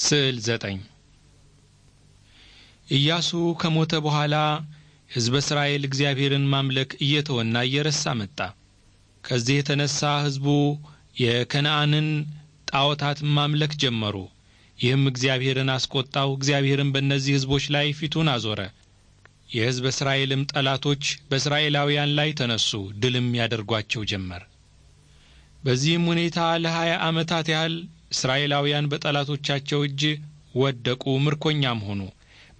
ስዕል ዘጠኝ ኢያሱ ከሞተ በኋላ ሕዝበ እስራኤል እግዚአብሔርን ማምለክ እየተወና እየረሳ መጣ። ከዚህ የተነሳ ሕዝቡ የከነአንን ጣዖታት ማምለክ ጀመሩ። ይህም እግዚአብሔርን አስቆጣው። እግዚአብሔርን በእነዚህ ሕዝቦች ላይ ፊቱን አዞረ። የሕዝበ እስራኤልም ጠላቶች በእስራኤላውያን ላይ ተነሱ፣ ድልም ያደርጓቸው ጀመር። በዚህም ሁኔታ ለሀያ ዓመታት ያህል እስራኤላውያን በጠላቶቻቸው እጅ ወደቁ፣ ምርኮኛም ሆኑ።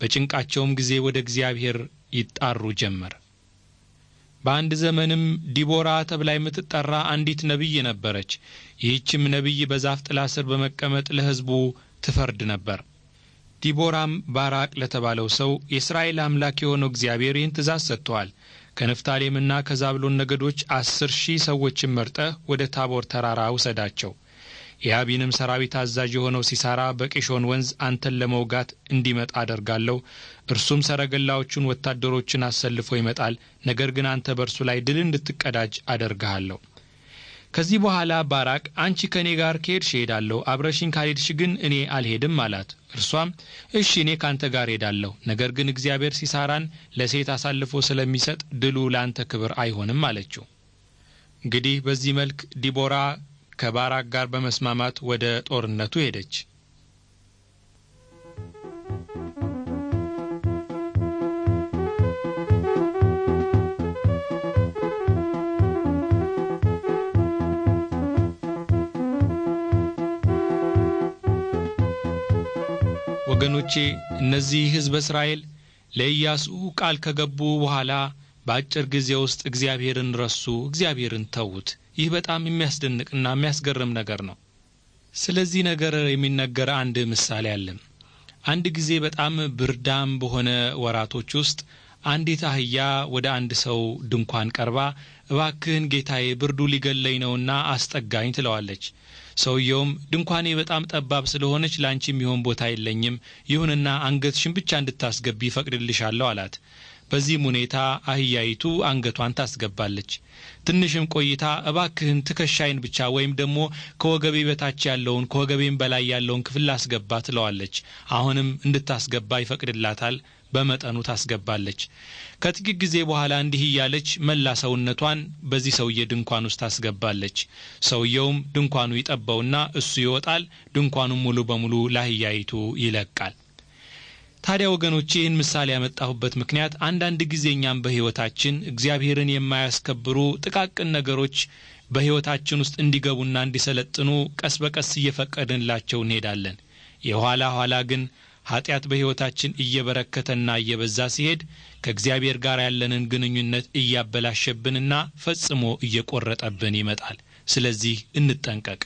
በጭንቃቸውም ጊዜ ወደ እግዚአብሔር ይጣሩ ጀመር። በአንድ ዘመንም ዲቦራ ተብላ የምትጠራ አንዲት ነቢይ ነበረች። ይህችም ነቢይ በዛፍ ጥላ ስር በመቀመጥ ለሕዝቡ ትፈርድ ነበር። ዲቦራም ባራቅ ለተባለው ሰው የእስራኤል አምላክ የሆነው እግዚአብሔር ይህን ትእዛዝ ሰጥተዋል። ከንፍታሌምና ከዛብሎን ነገዶች አስር ሺህ ሰዎችን መርጠህ ወደ ታቦር ተራራ ውሰዳቸው የአቢንም ሰራዊት አዛዥ የሆነው ሲሳራ በቂሾን ወንዝ አንተን ለመውጋት እንዲመጣ አደርጋለሁ። እርሱም ሰረገላዎቹን፣ ወታደሮችን አሰልፎ ይመጣል። ነገር ግን አንተ በእርሱ ላይ ድል እንድትቀዳጅ አደርግሃለሁ። ከዚህ በኋላ ባራቅ አንቺ ከእኔ ጋር ከሄድሽ እሄዳለሁ፣ አብረሽኝ ካልሄድሽ ግን እኔ አልሄድም አላት። እርሷም እሺ እኔ ካንተ ጋር ሄዳለሁ፣ ነገር ግን እግዚአብሔር ሲሳራን ለሴት አሳልፎ ስለሚሰጥ ድሉ ለአንተ ክብር አይሆንም አለችው። እንግዲህ በዚህ መልክ ዲቦራ ከባራክ ጋር በመስማማት ወደ ጦርነቱ ሄደች። ወገኖቼ እነዚህ ሕዝበ እስራኤል ለኢያሱ ቃል ከገቡ በኋላ በአጭር ጊዜ ውስጥ እግዚአብሔርን ረሱ፣ እግዚአብሔርን ተዉት። ይህ በጣም የሚያስደንቅና የሚያስገርም ነገር ነው። ስለዚህ ነገር የሚነገር አንድ ምሳሌ አለም። አንድ ጊዜ በጣም ብርዳም በሆነ ወራቶች ውስጥ አንዲት አህያ ወደ አንድ ሰው ድንኳን ቀርባ እባክህን ጌታዬ ብርዱ ሊገለኝ ነውና አስጠጋኝ ትለዋለች። ሰውየውም ድንኳኔ በጣም ጠባብ ስለሆነች ላንቺ የሚሆን ቦታ የለኝም፣ ይሁንና አንገትሽን ብቻ እንድታስገቢ ይፈቅድልሻለሁ አላት። በዚህም ሁኔታ አህያይቱ አንገቷን ታስገባለች። ትንሽም ቆይታ እባክህን ትከሻይን ብቻ ወይም ደግሞ ከወገቤ በታች ያለውን ከወገቤም በላይ ያለውን ክፍል ላስገባ ትለዋለች። አሁንም እንድታስገባ ይፈቅድላታል። በመጠኑ ታስገባለች። ከጥቂት ጊዜ በኋላ እንዲህ እያለች መላ ሰውነቷን በዚህ ሰውዬ ድንኳን ውስጥ ታስገባለች። ሰውየውም ድንኳኑ ይጠባውና እሱ ይወጣል። ድንኳኑም ሙሉ በሙሉ ለአህያይቱ ይለቃል። ታዲያ ወገኖቼ ይህን ምሳሌ ያመጣሁበት ምክንያት አንዳንድ ጊዜ እኛም በሕይወታችን እግዚአብሔርን የማያስከብሩ ጥቃቅን ነገሮች በሕይወታችን ውስጥ እንዲገቡና እንዲሰለጥኑ ቀስ በቀስ እየፈቀድንላቸው እንሄዳለን። የኋላ ኋላ ግን ኀጢአት በሕይወታችን እየበረከተና እየበዛ ሲሄድ ከእግዚአብሔር ጋር ያለንን ግንኙነት እያበላሸብንና ፈጽሞ እየቆረጠብን ይመጣል። ስለዚህ እንጠንቀቅ።